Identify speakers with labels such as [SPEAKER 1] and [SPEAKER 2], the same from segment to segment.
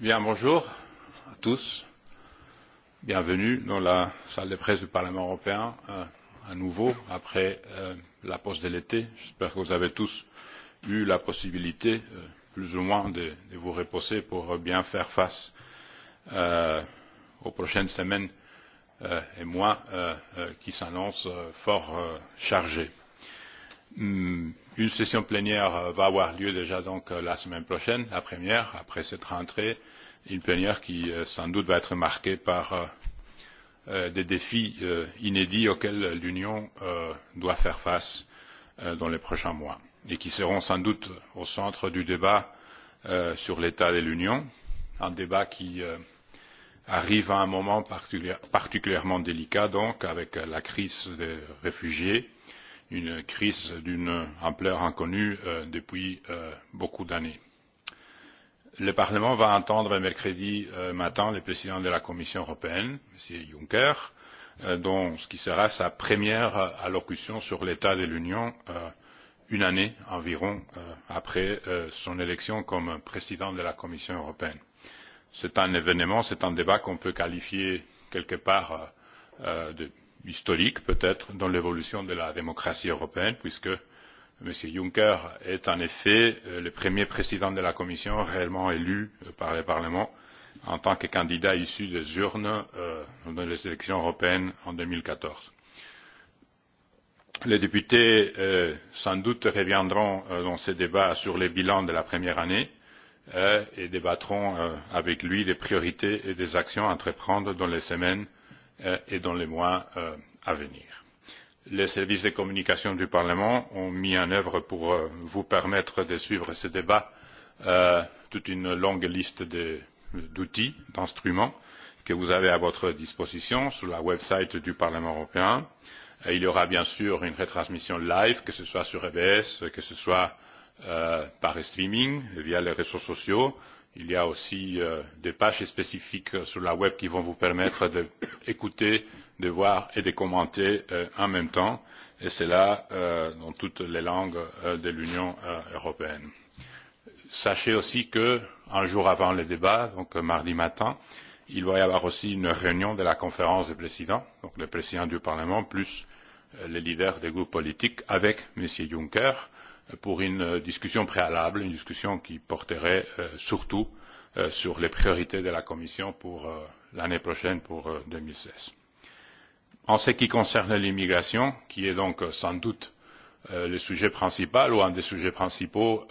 [SPEAKER 1] Bien, bonjour à tous. Bienvenue dans la salle de presse du Parlement européen euh, à nouveau après euh, la pause de l'été. J'espère que vous avez tous eu la possibilité, euh, plus ou moins, de, de vous reposer pour euh, bien faire face euh, aux prochaines semaines euh, et mois euh, euh, qui s'annoncent euh, fort euh, chargés Hmm, une session plénière euh, va avoir lieu déjà donc euh, la semaine prochaine la première après cette rentrée une plénière qui euh, sans doute va être marquée par des défis inédits auxquels l'union doit faire face dans les prochains mois et qui seront sans doute au centre du débat sur l'état de l'union un débat qui arrive à un moment particulièrement délicat donc avec la crise des réfugiés et une crise d'une ampleur inconnue euh, depuis euh, beaucoup d'années. le parlement va entendre mercredi euh, matin le président de la commission européenne m. juncker dans ce qui sera sa première allocution sur l'état de l'union une année environ après son élection comme président de la commission européenne. c'est un événement c'est un débat qu'on peut qualifier quelque part de historique peut être dans l'évolution de la démocratie européenne puisque m. juncker est en effet euh, le premier président de la commission réellement élu euh, par le parlement en tant que candidat issu des urnes euh, dans les élections européennes en. deux mille quatorze les députés euh, sans doute reviendront euh, dans ce débat sur le bilan de la première année euh, et débattront avec lui des priorités et des actions à entreprendre dans les semaines Euh, et dans les mois euh, à venir. Les services de communication du Parlement ont mis en œuvre pour euh, vous permettre de suivre ce débat toute une longue liste d'outils, d'instruments que vous avez à votre disposition sur la website du Parlement européen. Et il y aura bien sûr une retransmission live, que ce soit sur EBS, que ce soit euh, par streaming, via les réseaux sociaux, il y a aussi euh, des pages spécifiques euh, sur la web qui vont vous permettre d'écouter de, de voir et de commenter euh, en même temps et cela euh, dans toutes les langues euh, de l'union euh, européenne. sachez aussi qu'un jour avant le débat donc mardi matin il va y avoir aussi une réunion de la conférence des présidents donc le président du parlement plus les leaders des groupes politiques avec m. juncker pour une euh, discussion préalable une discussion qui porterait euh, surtout euh, sur les priorités de la commission pour l'année prochaine pour deux mille seize en ce qui concerne l'immigration qui est donc sans doute le sujet principal ou un des sujets principaux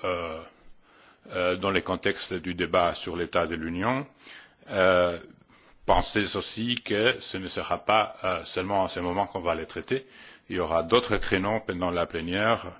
[SPEAKER 1] dans le contexte du débat sur l'état de l'union pensez aussi que ce ne sera pas seulement à ce moment qu'on va les traiter il y aura d'autres créneaux pendant la plénière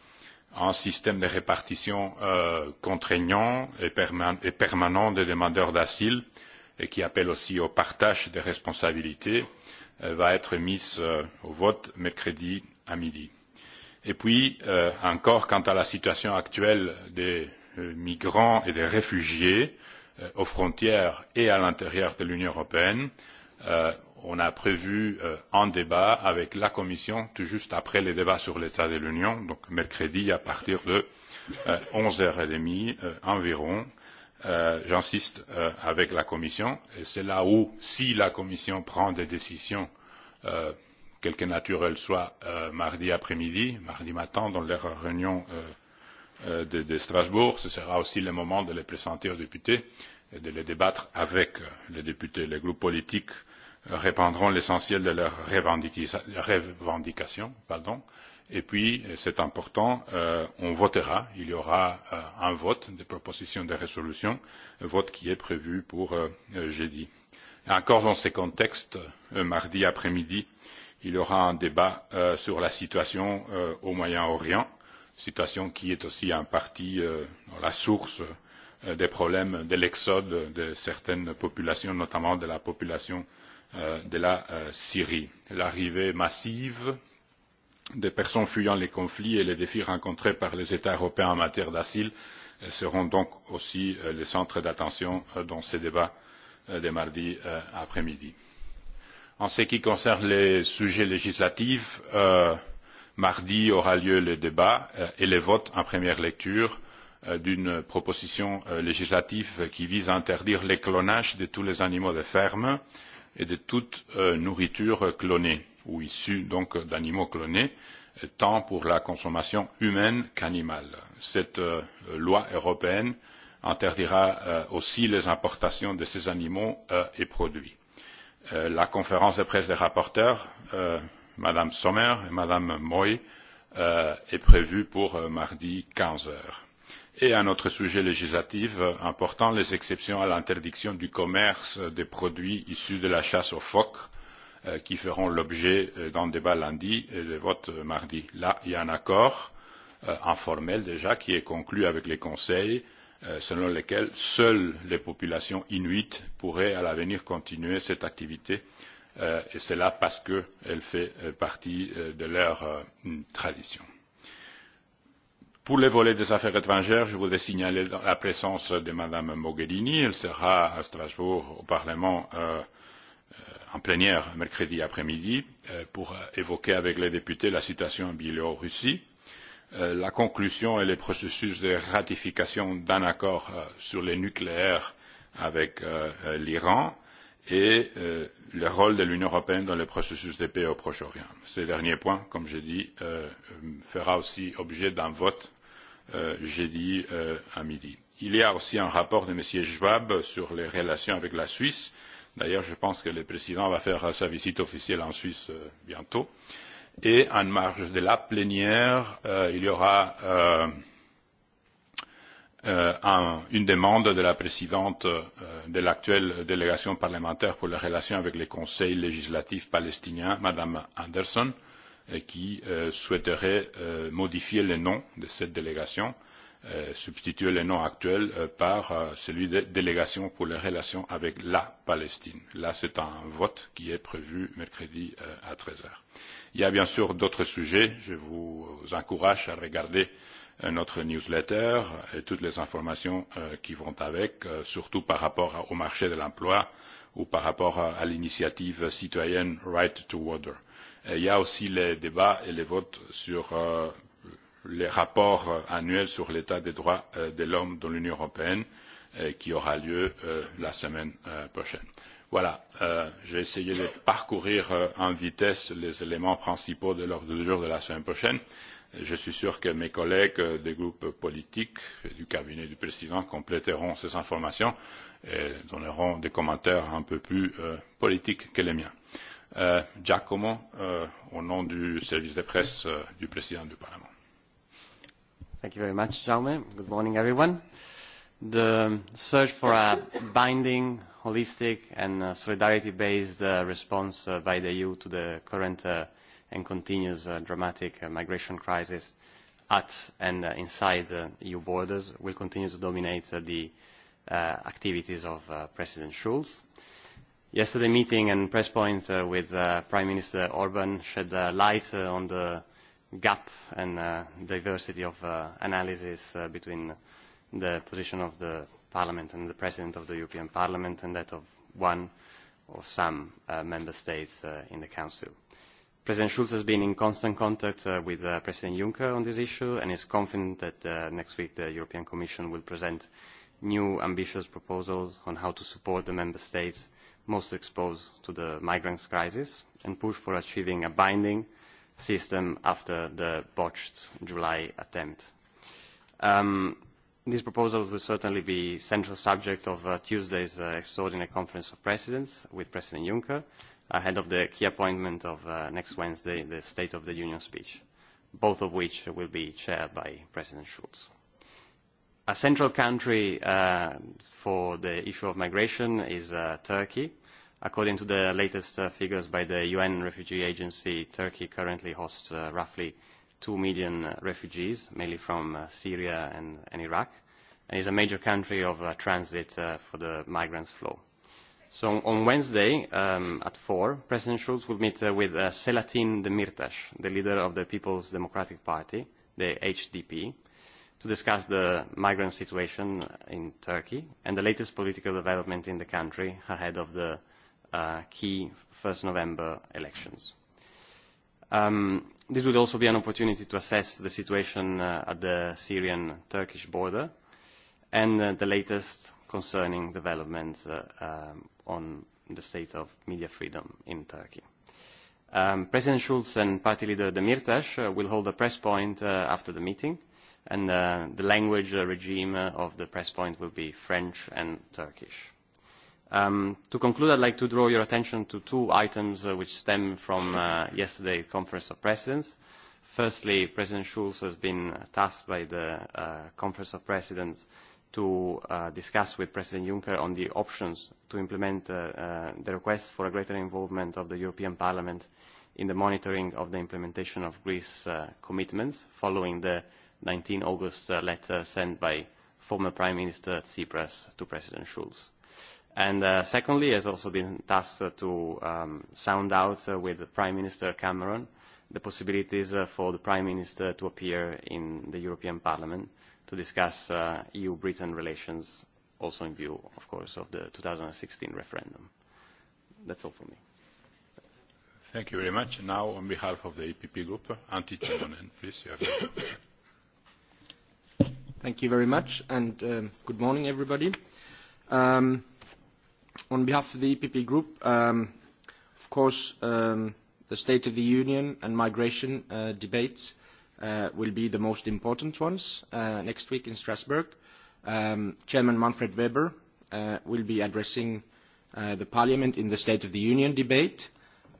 [SPEAKER 1] un système de répartition euh, contraignant et, perman et permanent des demandeurs d'asile et qui appelle aussi au partage des responsabilités euh, va être mise euh, au vote mercredi à midi. Et puis, euh, encore quant à la situation actuelle des euh, migrants et des réfugiés euh, aux frontières et à l'intérieur de l'Union européenne, euh, Euh, on a prévu euh, un débat avec la commission tout juste après les débats sur l'état de l'union donc mercredi à partir de euh, onze heures trente environ j'insiste avec la commission et c'est là où si la commission prend des décisions quelles que naturelles soient mardi après midi mardi matin dans leur réunion de strasbourg ce sera aussi le moment de les présenter aux députés et de les débattre avec les députés. les groupes politiques répandront l'essentiel de leurs revendications et puis c'est important euh, on votera il y aura euh, un vote des propositions de résolution vote qui est prévu pour euh, jeudi. encore dans ce contexte mardi après midi il y aura un débat sur la situation au moyen orient situation qui est aussi en partie la source des problèmes de l'exode de certaines populations notamment de la population Euh, de la euh, syrie l'arrivée massive des personnes fuyant les conflits et les défis rencontrés par les états européens en matière d'asile euh, seront donc aussi le centre d'attention dans ce débat de mardi après midi. en ce qui concerne les sujets législatifs euh, mardi aura lieu le débat et le vote en première lecture d'une proposition législative qui vise à interdire le clonage de tous les animaux de ferme et et de toute euh, nourriture clonée ou issue d'animaux clonés tant pour la consommation humaine qu'animale. cette euh, loi européenne interdira euh, aussi les importations de ces animaux et produits. la conférence de presse des rapporteurs mme sommer et mme moi est prévue pour mardi quinze heures et un autre sujet législatif important les exceptions à l'interdiction du commerce des produits issus de la chasse aux phoques euh, qui feront l'objet euh, d'un débat lundi et de vote mardi. Là, il y a un accord euh, informel déjà qui est conclu avec les conseils euh, selon lequel seules les populations inuites pourraient à l'avenir continuer cette activité euh, et cela parce qu'elle fait euh, partie de leur tradition. Pour le volet des affaires étrangères, je voudrais signaler la présence de Mme Mogherini. Elle sera à Strasbourg au Parlement euh, euh, en plénière mercredi après-midi euh, pour évoquer avec les députés la situation en Biélorussie, euh, la conclusion et le processus de ratification d'un accord euh, sur le nucléaire avec euh, euh, l'Iran et euh, le rôle de l'Union européenne dans le processus de paix au Proche-Orient. Ce dernier point, comme je dis, euh, euh, fera aussi objet d'un vote Euh, jeudi euh, à midi. il y a aussi un rapport de m. schwab sur les relations avec la suisse d'ailleurs je pense que le président va faire sa visite officielle en suisse euh, bientôt et en marge de la plénière il y aura une demande de la présidente de l'actuelle délégation parlementaire pour les relations avec le conseil législatif palestinien mme anderson Euh, qui euh, souhaiteraient euh, modifier le nom de cette délégation substituer le nom actuel par celui de délégation pour les relations avec la Palestine. Là, c'est un vote qui est prévu mercredi à 13h. Il y a bien sûr d'autres sujets. Je vous encourage à regarder notre newsletter et toutes les informations qui vont avec, surtout par rapport au marché de l'emploi ou par rapport à, à l'initiative citoyenne Right to Water. Et il y a aussi les débats et les votes sur euh, les rapports euh, annuels sur l'état des droits euh, de l'homme dans l'Union européenne euh, qui aura lieu euh, la semaine euh, prochaine. Voilà, euh, j'ai essayé de parcourir euh, en vitesse les éléments principaux de l'ordre du jour de la semaine prochaine. Je suis sûr que mes collègues euh, des groupes politiques du cabinet du président compléteront ces informations Euh, donneront des commentaires un peu plus euh, politiques que les miens. Euh, Giacomo, euh, au nom du service de presse euh, du président du Parlement.
[SPEAKER 2] Thank you very much, Jaume. Good morning, everyone. The search for a binding, holistic and uh, solidarity-based uh, response uh, by the EU to the current uh, and continuous uh, dramatic uh, migration crisis at and uh, inside uh, EU borders will continue to dominate uh, the uh, uh, activities of uh, President Schulz. Yesterday meeting and press point uh, with uh, Prime Minister Orban shed uh, light uh, on the gap and uh, diversity of uh, analysis uh, between the position of the Parliament and the President of the European Parliament and that of one or some uh, Member States uh, in the Council. President Schulz has been in constant contact uh, with uh, President Juncker on this issue and is confident that uh, next week the European Commission will present uh, new ambitious proposals on how to support the member states most exposed to the migrants crisis and push for achieving a binding system after the botched July attempt. Um, these proposals will certainly be central subject of uh, Tuesday's uh, extraordinary conference of presidents with President Juncker ahead of the key appointment of uh, next Wednesday, the State of the Union speech, both of which will be chaired by President Schulz a central country uh, for the issue of migration is uh, Turkey. According to the latest uh, figures by the UN Refugee Agency, Turkey currently hosts uh, roughly 2 million uh, refugees, mainly from uh, Syria and, and Iraq, and is a major country of uh, transit uh, for the migrants' flow. So on Wednesday um, at 4, President Schulz will meet uh, with uh, Selatin Demirtas, the leader of the People's Democratic Party, the HDP, uh, to discuss the migrant situation in Turkey and the latest political development in the country ahead of the uh, key 1st November elections. Um, this would also be an opportunity to assess the situation uh, at the Syrian-Turkish border and uh, the latest concerning developments uh, um, on the state of media freedom in Turkey. Um, President Schulz and party leader Demirtas uh, will hold a press point uh, after the meeting – and uh, the language uh, regime uh, of the press point will be French and Turkish. Um, to conclude, I'd like to draw your attention to two items uh, which stem from uh, yesterday's Conference of Presidents. Firstly, President Schulz has been tasked by the uh, Conference of Presidents to uh, discuss with President Juncker on the options to implement uh, uh, the request for a greater involvement of the European Parliament in the monitoring of the implementation of Greece uh, commitments following the uh, 19 August uh, letter sent by former Prime Minister Tsipras to President Schulz. And uh, secondly, has also been tasked uh, to um, sound out uh, with Prime Minister Cameron the possibilities uh, for the Prime Minister to appear in the European Parliament to discuss uh, EU-Britain relations, also in view, of course, of the 2016 referendum.
[SPEAKER 1] That's all for me. Thank you very much. Now, on behalf of the EPP group, Antti Chilonen, please. You have Thank you
[SPEAKER 3] very much, and um, good morning, everybody. Um, on behalf of the EPP Group, um, of course, um, the State of the Union and migration uh, debates uh, will be the most important ones uh, next week in Strasbourg. Um, Chairman Manfred Weber uh, will be addressing uh, the Parliament in the State of the Union debate.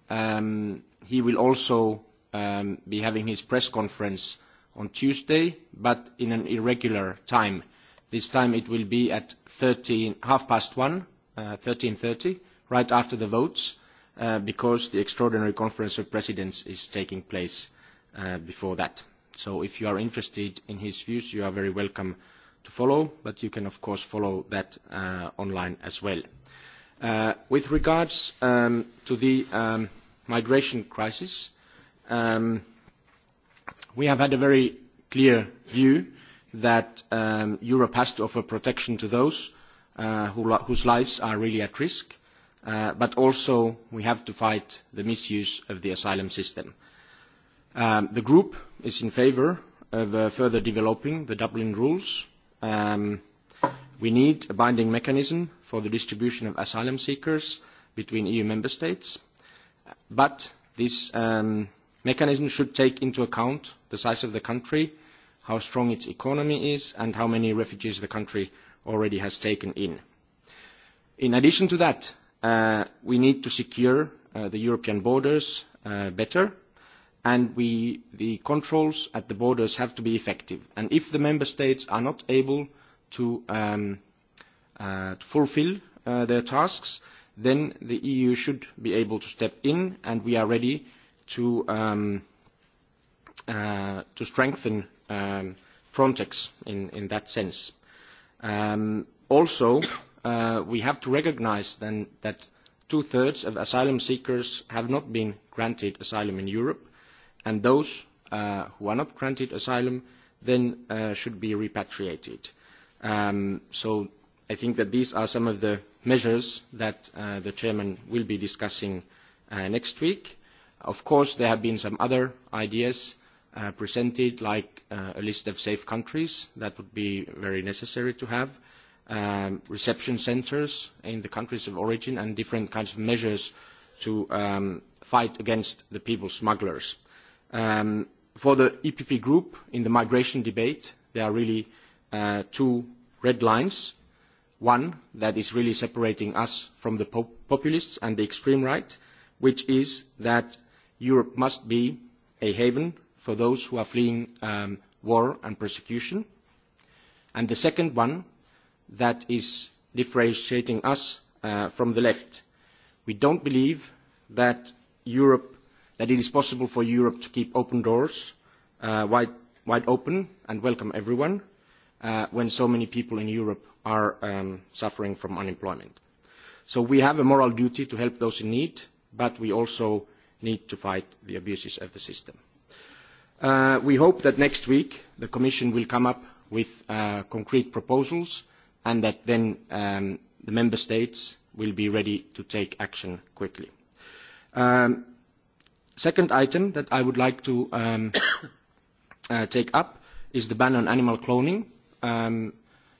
[SPEAKER 3] Um, he will also um, be having his press conference uh, on Tuesday, but in an irregular time. This time it will be at 13, half past one, uh, 13.30, right after the votes, uh, because the extraordinary conference of presidents is taking place uh, before that. So if you are interested in his views, you are very welcome to follow, but you can of course follow that uh, online as well. Uh, with regards um, to the um, migration crisis, um, We have had a very clear view that um, Europe has to offer protection to those uh, who, whose lives are really at risk, uh, but also we have to fight the misuse of the asylum system. Um, the group is in favour of uh, further developing the Dublin rules. Um, we need a binding mechanism for the distribution of asylum seekers between EU member states, but this um, mechanism should take into account the size of the country, how strong its economy is, and how many refugees the country already has taken in. In addition to that, uh, we need to secure uh, the European borders uh, better, and we, the controls at the borders have to be effective. And if the member states are not able to, um, uh, to fulfill uh, their tasks, then the EU should be able to step in, and we are ready uh, to um, uh, to strengthen um, Frontex in, in that sense. Um, also, uh, we have to recognize then that two-thirds of asylum seekers have not been granted asylum in Europe, and those uh, who are not granted asylum then uh, should be repatriated. Um, so I think that these are some of the measures that uh, the chairman will be discussing uh, next week. Of course, there have been some other ideas uh, presented, like uh, a list of safe countries. That would be very necessary to have. Um, reception centers in the countries of origin and different kinds of measures to um, fight against the people smugglers. Um, for the EPP group, in the migration debate, there are really uh, two red lines. One that is really separating us from the pop populists and the extreme right, which is that uh, Europe must be a haven for those who are fleeing um, war and persecution. And the second one that is differentiating us uh, from the left. We don't believe that Europe, that it is possible for Europe to keep open doors uh, wide, wide open and welcome everyone uh, when so many people in Europe are um, suffering from unemployment. So we have a moral duty to help those in need, but we also need to fight the abuses of the system. Uh, we hope that next week the Commission will come up with uh, concrete proposals and that then um, the Member States will be ready to take action quickly. Um, second item that I would like to um, uh, take up is the ban on animal cloning. Um,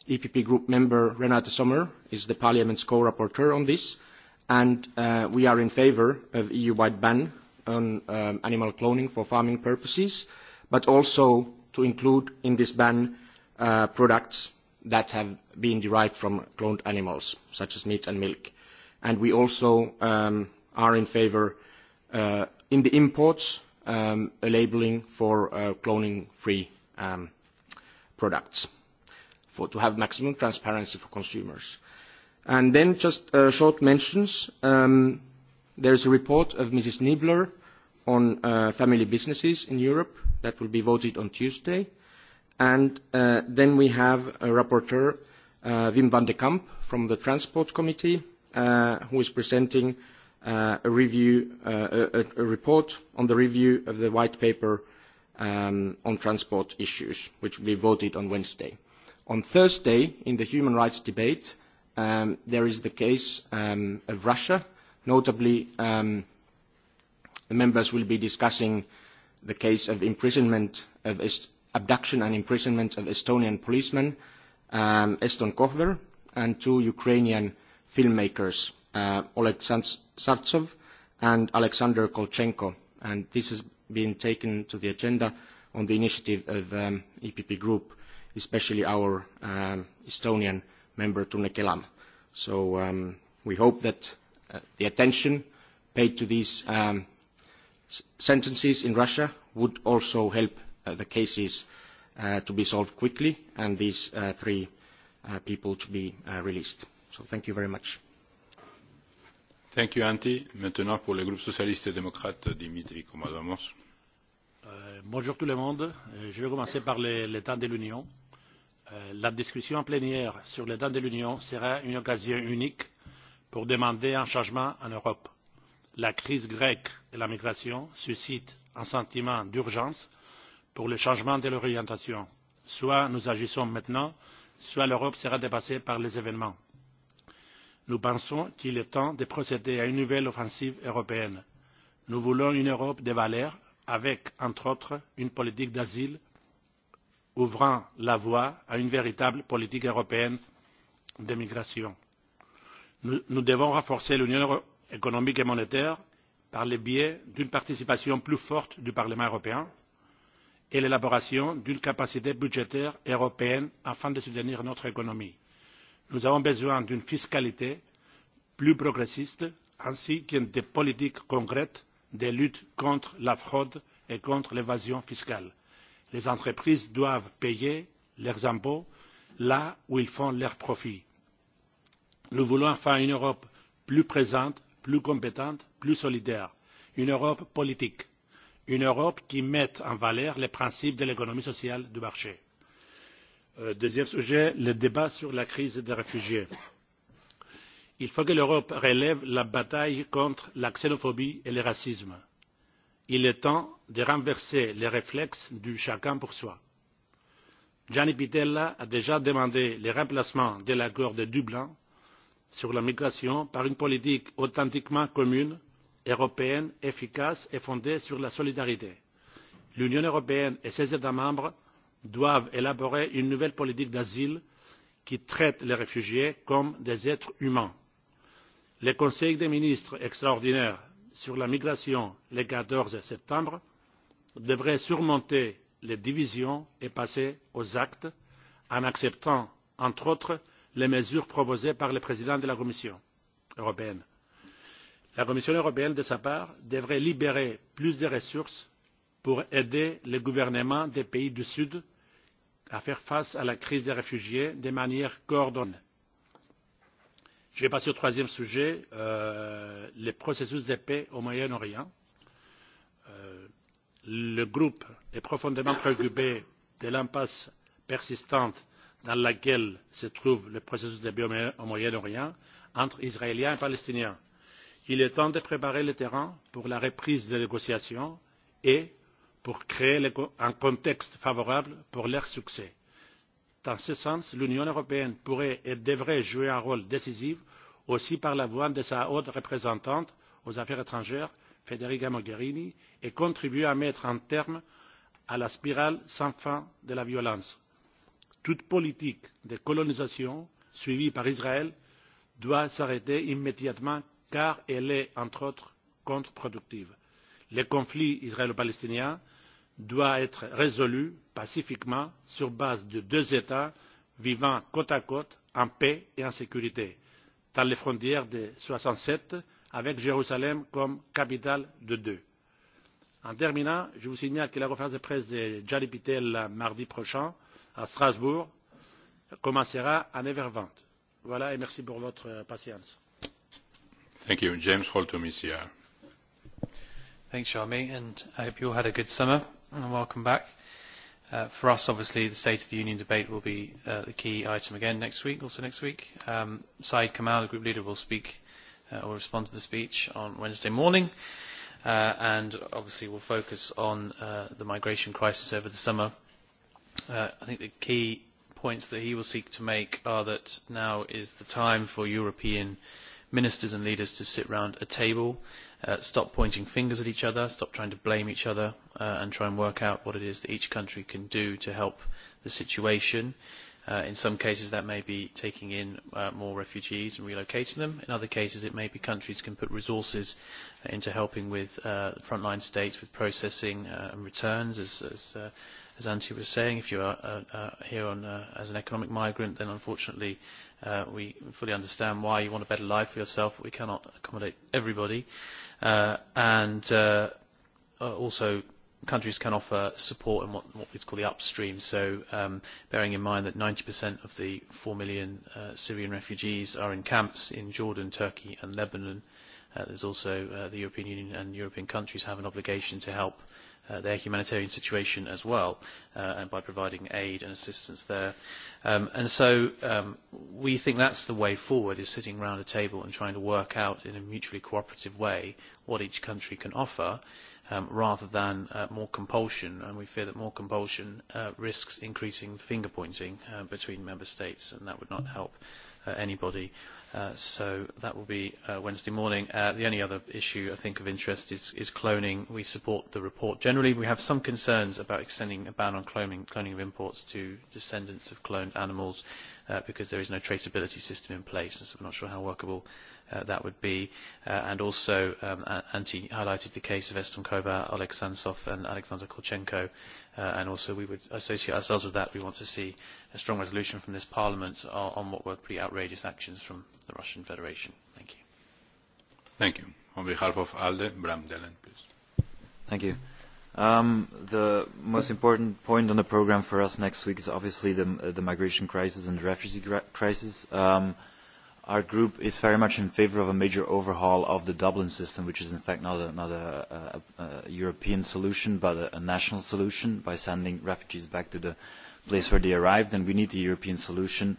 [SPEAKER 3] EPP group member Renate Sommer is the Parliament's co-rapporteur on this. Uh, and uh, we are in favour of EU-wide ban on um, animal cloning for farming purposes, but also to include in this ban uh, products that have been derived from cloned animals, such as meat and milk. And we also um, are in favour uh, in the imports um, a labelling for uh, cloning-free um, products for, to have maximum transparency for consumers. Uh, And then just uh, short mentions. Um, there's a report of Mrs. Niebler on uh, family businesses in Europe that will be voted on Tuesday. And uh, then we have a rapporteur, uh, Wim van de Kamp from the Transport Committee, uh, who is presenting uh, a review, uh, a, a report on the review of the white paper um, on transport issues, which will be voted on Wednesday. On Thursday, in the human rights debate, uh, Um, there is the case um, of Russia. Notably, um, the members will be discussing the case of imprisonment of est- abduction and imprisonment of Estonian policeman um, Eston Kohver and two Ukrainian filmmakers, uh, Oleg Sartsov and Alexander Kolchenko. And this has been taken to the agenda on the initiative of um, EPP Group, especially our um, Estonian uh, member Tune Kelam. So um, we hope that uh, the attention paid to these um, s sentences in Russia would also help uh, the cases uh, to be solved quickly and these uh, three uh, people to be uh, released. So thank you very much.
[SPEAKER 1] Thank you, Antti. Maintenant, pour le groupe socialiste et démocrate, Dimitri Komadamos.
[SPEAKER 4] Euh, bonjour tout le monde. Euh, je vais commencer par les, les temps de l'Union. Euh, Euh, la discussion plénière sur l'état de l'union sera une occasion unique pour demander un changement en europe. la crise grecque et la migration suscitent un sentiment d'urgence pour le changement de l'orientation. soit nous agissons maintenant soit l'europe sera dépassée par les événements. nous pensons qu'il est temps de procéder à une nouvelle offensive européenne. nous voulons une europe des valeurs avec entre autres une politique d'asile ouvrant la voie à une véritable politique européenne des migrations. Nous, nous devons renforcer l'union économique et monétaire par le biais d'une participation plus forte du parlement européen et l'élaboration d'une capacité budgétaire européenne afin de soutenir notre économie. nous avons besoin d'une fiscalité plus progressiste ainsi que de politiques concrètes de lutte contre la fraude et contre l'évasion fiscale les entreprises doivent payer leurs impôts là où elles font leurs profits. nous voulons faire une europe plus présente plus compétente plus solidaire une europe politique une europe qui mette en valeur les principes de l'économie sociale de marché. Euh, deuxième sujet le débat sur la crise des réfugiés. il faut que l'europe relève la bataille contre la xénophobie et le racisme il est temps de renverser le réflexe du chacun pour soi. gianni pittella a déjà demandé le remplacement de l'accord de dublin sur la migration par une politique authentiquement commune européenne efficace et fondée sur la solidarité. l'union européenne et ses états membres doivent élaborer une nouvelle politique d'asile qui traite les réfugiés comme des êtres humains. le conseil des ministres extraordinaire sur la migration le quatorze septembre devrait surmonter les divisions et passer aux actes en acceptant entre autres les mesures proposées par le président de la commission européenne. la commission européenne de sa part devrait libérer plus de ressources pour aider les gouvernements des pays du sud à faire face à la crise des réfugiés de manière coordonnée je vais passer au troisième sujet euh, le processus de paix au moyen orient. Euh, le groupe est profondément préoccupé de l'impasse persistante dans laquelle se trouve le processus de paix au moyen orient entre israéliens et palestiniens. il est temps de préparer le terrain pour la reprise des négociations et pour créer un contexte favorable pour leur succès dans ce sens l'union européenne pourrait et devrait jouer un rôle décisif aussi par la voix de sa haute représentante aux affaires étrangères federica mogherini et contribuer à mettre un terme à la spirale sans fin de la violence. toute politique de colonisation suivie par israël doit s'arrêter immédiatement car elle est entre autres contreproductive. le conflit israélo palestinien doit être résolu pacifiquement sur base de deux états vivant côte à côte en paix et en sécurité dans les frontières de mille neuf cent soixante sept avec jérusalem comme capitale des deux. en terminant je vous signale que la conférence de presse de gianni pittella mardi prochain à strasbourg commencera à neuf heures vingt. voilà et merci pour votre patience.
[SPEAKER 1] thank you. james holton is here.
[SPEAKER 5] thanks, Charmy, and I hope you all had a good summer and welcome back. Uh, for us, obviously, the State of the Union debate will be uh, the key item again next week, also next week. Um, Saeed Kamal, the group leader, will speak uh, or respond to the speech on Wednesday morning. Uh, and obviously, we'll focus on uh, the migration crisis over the summer. Uh, I think the key points that he will seek to make are that now is the time for European uh, ministers and leaders to sit round a table, uh, stop pointing fingers at each other, stop trying to blame each other, uh, and try and work out what it is that each country can do to help the situation. Uh, in some cases, that may be taking in uh, more refugees and relocating them. In other cases, it may be countries can put resources into helping with uh, frontline states, with processing uh, and returns, as, as uh, as Antti was saying, if you are uh, uh, here on, uh, as an economic migrant, then unfortunately uh, we fully understand why you want a better life for yourself. But we cannot accommodate everybody. Uh, and uh, uh also countries can offer support in what, what we call the upstream. So um, bearing in mind that 90% of the 4 million uh, Syrian refugees are in camps in Jordan, Turkey and Lebanon. Uh, there's also uh, the European Union and European countries have an obligation to help uh, uh, their humanitarian situation as well uh, and by providing aid and assistance there. Um, and so um, we think that's the way forward is sitting around a table and trying to work out in a mutually cooperative way what each country can offer um, rather than uh, more compulsion and we fear that more compulsion uh, risks increasing finger pointing uh, between member states and that would not help. Mm-hmm uh, anybody. Uh, so that will be uh, Wednesday morning. Uh, the only other issue I think of interest is, is cloning. We support the report. Generally, we have some concerns about extending a ban on cloning, cloning of imports to descendants of cloned animals uh, because there is no traceability system in place, and so I'm not sure how workable uh, that would be. Uh, and also, um, Antti highlighted the case of Eston Kova, Oleg Sansov, and Alexander Kolchenko, uh, and also we would associate ourselves with that. We want to see a strong resolution from this Parliament on, on what were pretty outrageous actions from the Russian Federation. Thank you.
[SPEAKER 1] Thank you. On behalf of ALDE, Bram Delen, please.
[SPEAKER 6] Thank you. Mm -hmm Um, the most important point on the program for us next week is obviously the, uh, the migration crisis and the refugee crisis. Um, our group is very much in favour of a major overhaul of the Dublin system, which is in fact not a, not a, a, a European solution, but a, a national solution by sending refugees back to the place where they arrived. And we need the European solution.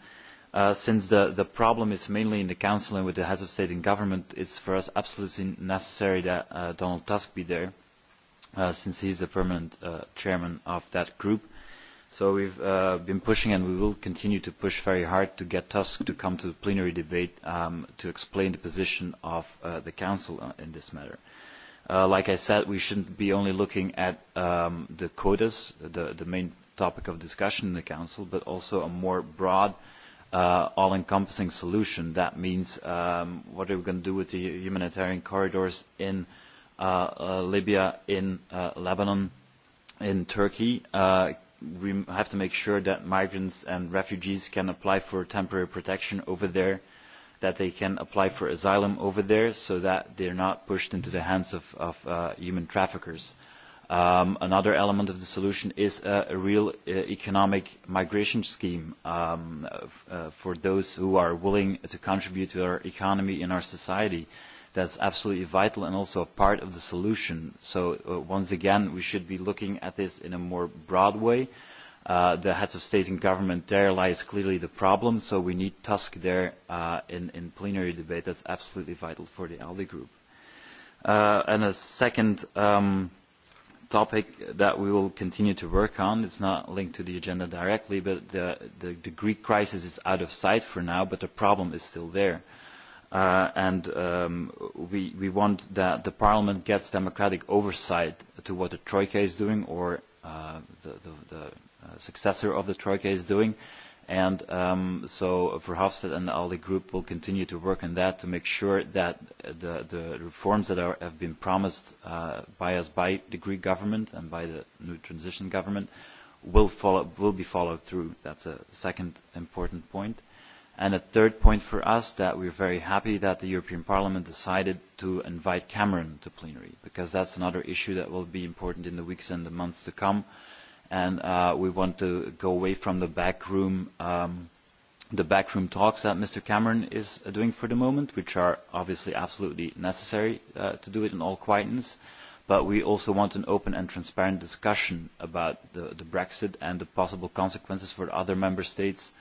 [SPEAKER 6] Uh, since the, the problem is mainly in the Council and with the heads of state and government, it's for us absolutely necessary that uh, Donald Tusk be there. Uh, uh, since he's the permanent uh, chairman of that group. So we've uh, been pushing and we will continue to push very hard to get Tusk to come to the plenary debate um, to explain the position of uh, the Council uh, in this matter. Uh, like I said, we shouldn't be only looking at um, the quotas, the, the main topic of discussion in the Council, but also a more broad, uh, all-encompassing solution. That means um, what are we going to do with the humanitarian corridors in uh, uh, uh, Libya, in uh, Lebanon, in Turkey. Uh, we have to make sure that migrants and refugees can apply for temporary protection over there, that they can apply for asylum over there so that they're not pushed into the hands of, of uh, human traffickers. Um, another element of the solution is uh, a real uh, economic migration scheme um, uh, for those who are willing to contribute to our economy and our society. Uh, that's absolutely vital and also a part of the solution. So uh, once again, we should be looking at this in a more broad way. Uh, the heads of state and government, there lies clearly the problem, so we need Tusk there uh, in, in plenary debate. That's absolutely vital for the ALDE group. Uh, and a second um, topic that we will continue to work on. It's not linked to the agenda directly, but the, the, the Greek crisis is out of sight for now, but the problem is still there. Uh, uh, and um, we, we want that the parliament gets democratic oversight to what the troika is doing or uh, the, the, the uh, successor of the troika is doing. And um, so Verhofstadt and the ALDE group will continue to work on that to make sure that the, the reforms that are, have been promised uh, by us, by the Greek government and by the new transition government, will, follow, will be followed through. That's a second important point. Uh, And a third point for us that we're very happy that the European Parliament decided to invite Cameron to plenary because that's another issue that will be important in the weeks and the months to come. And uh, we want to go away from the backroom, um, the backroom talks that Mr. Cameron is uh, doing for the moment, which are obviously absolutely necessary uh, to do it in all quietness. But we also want an open and transparent discussion about the, the Brexit and the possible consequences for other member states uh,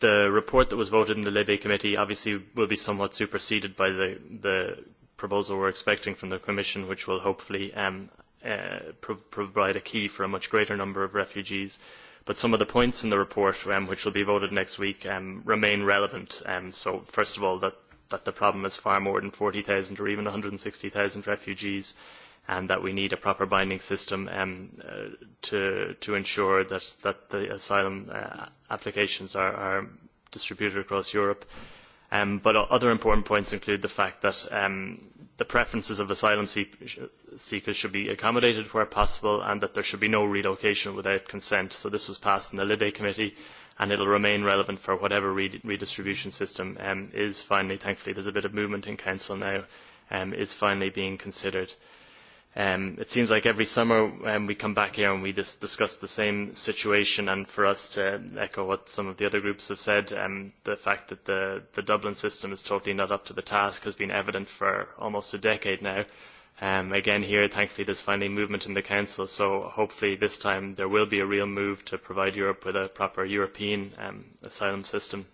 [SPEAKER 7] the report that was voted in the Libe committee obviously will be somewhat superseded by the, the proposal we're expecting from the Commission, which will hopefully um, uh, pro provide a key for a much greater number of refugees. But some of the points in the report, um, which will be voted next week, um, remain relevant. Um, so, first of all, that, that the problem is far more than 40,000 or even 160,000 refugees and that we need a proper binding system um, uh, to, to ensure that, that the asylum uh, applications are, are distributed across Europe. Um, but other important points include the fact that um, the preferences of asylum seekers should be accommodated where possible and that there should be no relocation without consent. So this was passed in the Libe Committee and it will remain relevant for whatever re redistribution system um, is finally, thankfully there's a bit of movement in Council now, um, is finally being considered. Uh, Um, it seems like every summer um, we come back here and we dis discuss the same situation and for us to echo what some of the other groups have said, um, the fact that the, the Dublin system is totally not up to the task has been evident for almost a decade now. Um, again here, thankfully there's finally movement in the Council, so hopefully this time there will be a real move to provide Europe with a proper European um, asylum system.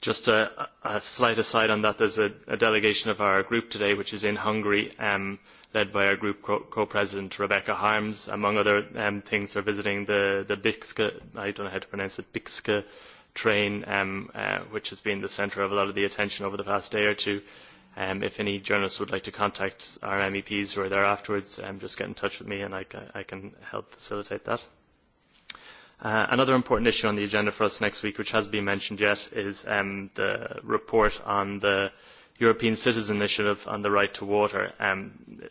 [SPEAKER 7] Just a, a slight aside on that, there's a, a delegation of our group today which is in Hungary. Um, led by our group co president rebecca harms. among other um, things they are visiting the, the bixke i do not know how to pronounce it bixke train um, uh, which has been the centre of a lot of the attention over the past day or two. Um, if any journalists would like to contact our meps who are there afterwards um, just get in touch with me and i, I can help facilitate that. Uh, another important issue on the agenda for us next week which has not been mentioned yet is um, the report on the European Citizen Initiative on the right to water. Um,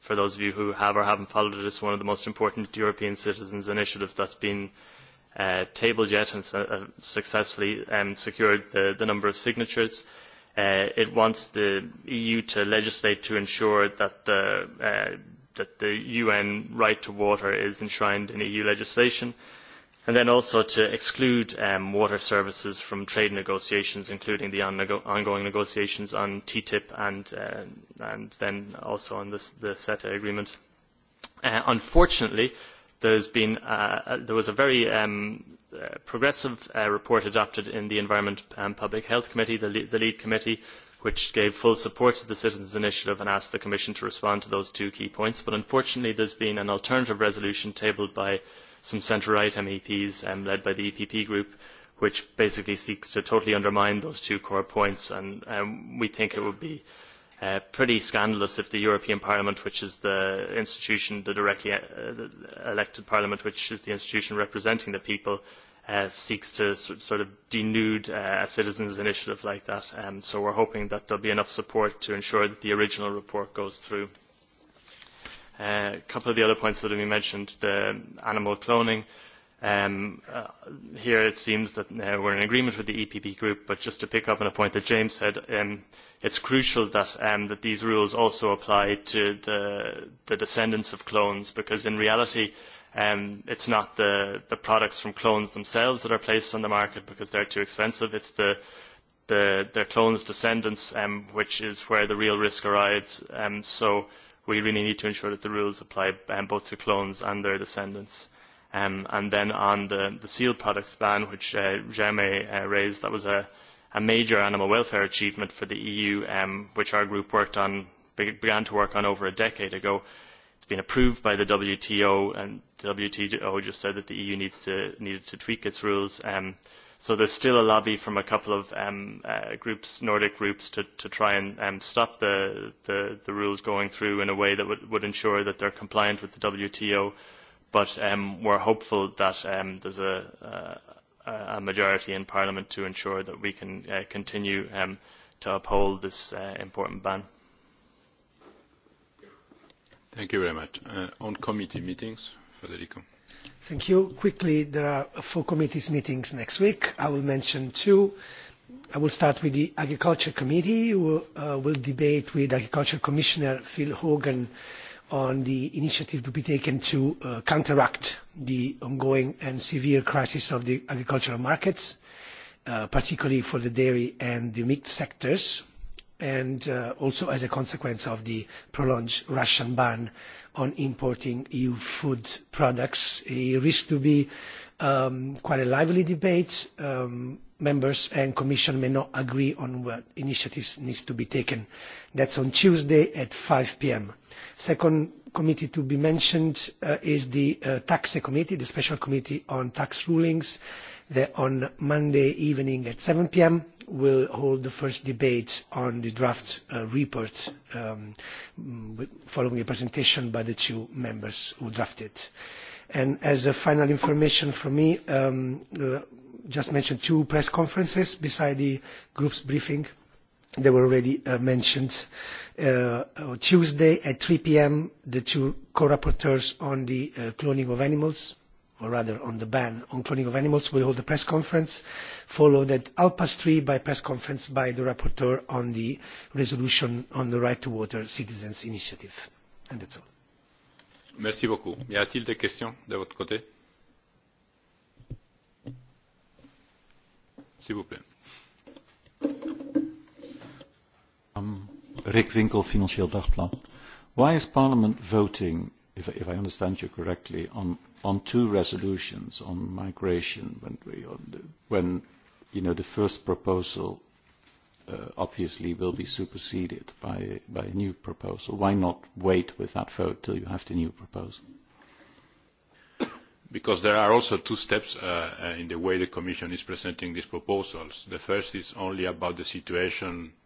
[SPEAKER 7] for those of you who have or haven't followed it, it's one of the most important European citizens' initiatives that's been uh, tabled yet and uh, uh successfully um, secured the, the number of signatures. Uh, it wants the EU to legislate to ensure that the, uh, that the UN right to water is enshrined in EU legislation. Uh, and then also to exclude um, water services from trade negotiations, including the on -nego ongoing negotiations on TTIP and, uh, and then also on this, the CETA agreement. Uh, unfortunately, there's been, uh, uh, there was a very um, uh, progressive uh, report adopted in the Environment and Public Health Committee, the, le the lead committee, which gave full support to the Citizens' Initiative and asked the Commission to respond to those two key points. But unfortunately, there's been an alternative resolution tabled by uh, some centre right meps um, led by the epp group which basically seeks to totally undermine those two core points and um, we think it would be uh, pretty scandalous if the European Parliament, which is the institution, the directly uh, the elected Parliament, which is the institution representing the people, uh, seeks to sort of denude uh, a citizens' initiative like that. Um, so we're hoping that there'll be enough support to ensure that the original report goes through. Uh, a couple of the other points that have been mentioned, the animal cloning. Um, uh, here it seems that uh, we're in agreement with the EPP group, but just to pick up on a point that James said, um, it's crucial that, um, that these rules also apply to the, the descendants of clones, because in reality um, it's not the, the products from clones themselves that are placed on the market because they're too expensive, it's the, the, the clones' descendants, um, which is where the real risk arrives. Um, so we really need to ensure that the rules apply um, both to clones and their descendants. Um, and then on the, the seal products ban, which uh, Jeremy uh, raised, that was a, a major animal welfare achievement for the EU, um, which our group worked on, began to work on over a decade ago. It's been approved by the WTO, and the WTO just said that the EU needs to, needed to tweak its rules. Um, uh, So there's still a lobby from a couple of um, uh, groups, Nordic groups, to, to try and um, stop the, the, the rules going through in a way that would, would ensure that they're compliant with the WTO. But um, we're hopeful that um, there's a, a, uh, a majority in Parliament to ensure that we can uh, continue um, to uphold this uh,
[SPEAKER 1] important ban. Thank you very much. Uh, on committee meetings, Federico.
[SPEAKER 8] Thank you. Quickly, there are four committees meetings next week. I will mention two. I will start with the Agriculture Committee. We'll, uh, we'll debate with Agriculture Commissioner Phil Hogan on the initiative to be taken to uh, counteract the ongoing and severe crisis of the agricultural markets, uh, particularly for the dairy and the meat sectors and uh, also as a consequence of the prolonged Russian ban on importing EU food products. It risks to be um, quite a lively debate. Um, members and Commission may not agree on what initiatives needs to be taken. That's on Tuesday at 5 p.m. Second committee to be mentioned uh, is the uh, Taxe Committee, the Special Committee on Tax Rulings. Uh, that on Monday evening at 7 p.m. we'll hold the first debate on the draft uh, report um, following a presentation by the two members who drafted. And as a final information from me, um, uh, just mentioned two press conferences beside the group's briefing they were already uh, mentioned. Uh, Tuesday at 3 p.m., the two co-rapporteurs on the uh, cloning of animals or rather on the ban on cloning of animals will hold a press conference followed at half past three by a press conference by the rapporteur on the resolution on the right to water citizens' initiative. and that's all.
[SPEAKER 1] merci beaucoup. y a-t-il des questions de votre côté? s'il vous plaît.
[SPEAKER 6] Um, Rick Winkel, Financieel Dagblad. Why is Parliament voting if, if I understand you correctly, on, on two resolutions on migration, when, we, on the, when you know, the first proposal uh, obviously will be superseded by, by a new proposal. Why not wait with that vote till you have the new proposal?
[SPEAKER 1] Because there are also two steps uh, uh in the way the Commission is presenting these proposals. The first is only about the situation uh,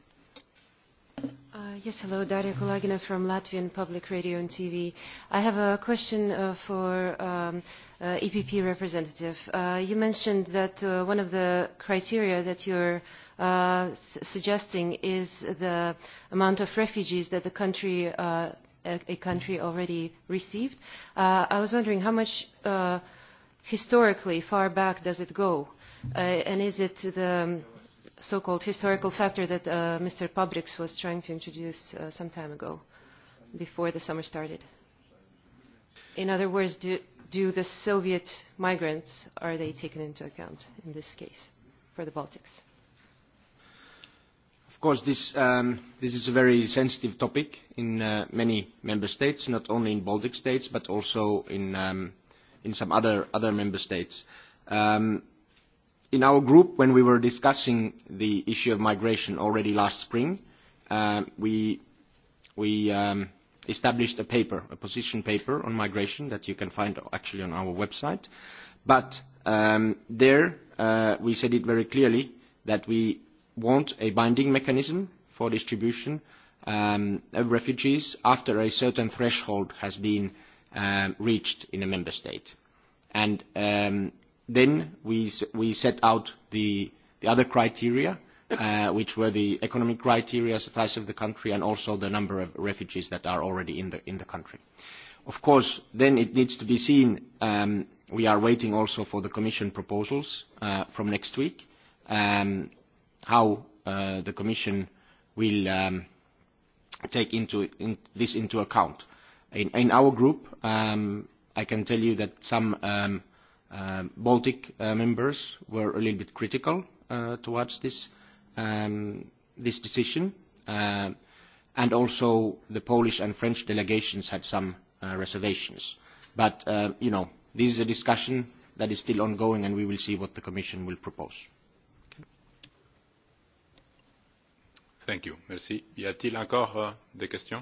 [SPEAKER 5] Uh, yes, hello,
[SPEAKER 7] Daria Kolagina from Latvian Public Radio and TV. I have a question uh, for um, uh, EPP representative. Uh, you mentioned that uh, one of the criteria that you're uh, s suggesting is the amount of refugees that the country, uh, a, a country already received. Uh, I was wondering how much uh, historically far back does it go? Uh, and is it the... Um, so-called historical factor that uh, Mr. Pabriks was trying to introduce uh, some time ago, before the summer started. In other words, do, do the Soviet migrants, are they taken into account in this case for the Baltics?
[SPEAKER 3] Of course, this, um, this is a very sensitive topic in uh, many member states, not only in Baltic states, but also in, um, in some other, other member states. Um, in our group, when we were discussing the issue of migration already last spring, uh, we, we um, established a paper, a position paper on migration that you can find actually on our website. But um, there uh, we said it very clearly that we want a binding mechanism for distribution um, of refugees after a certain threshold has been um, reached in a member state. And um, Then we, we set out the, the other criteria, uh, which were the economic criteria, size of the country, and also the number of refugees that are already in the, in the country. Of course, then it needs to be seen, um, we are waiting also for the Commission proposals uh, from next week, um, how uh, the Commission will um, take into, in, this into account. In, in our group, um, I can tell you that some um, Um, Baltic uh, members were a little bit critical uh, towards this, um, this decision, uh, and also the Polish and French delegations had some uh, reservations. But, uh, you know, this is a discussion that is still ongoing, and we will see what the Commission will propose. Okay.
[SPEAKER 1] Thank you. Merci. Y a-t-il encore euh, des questions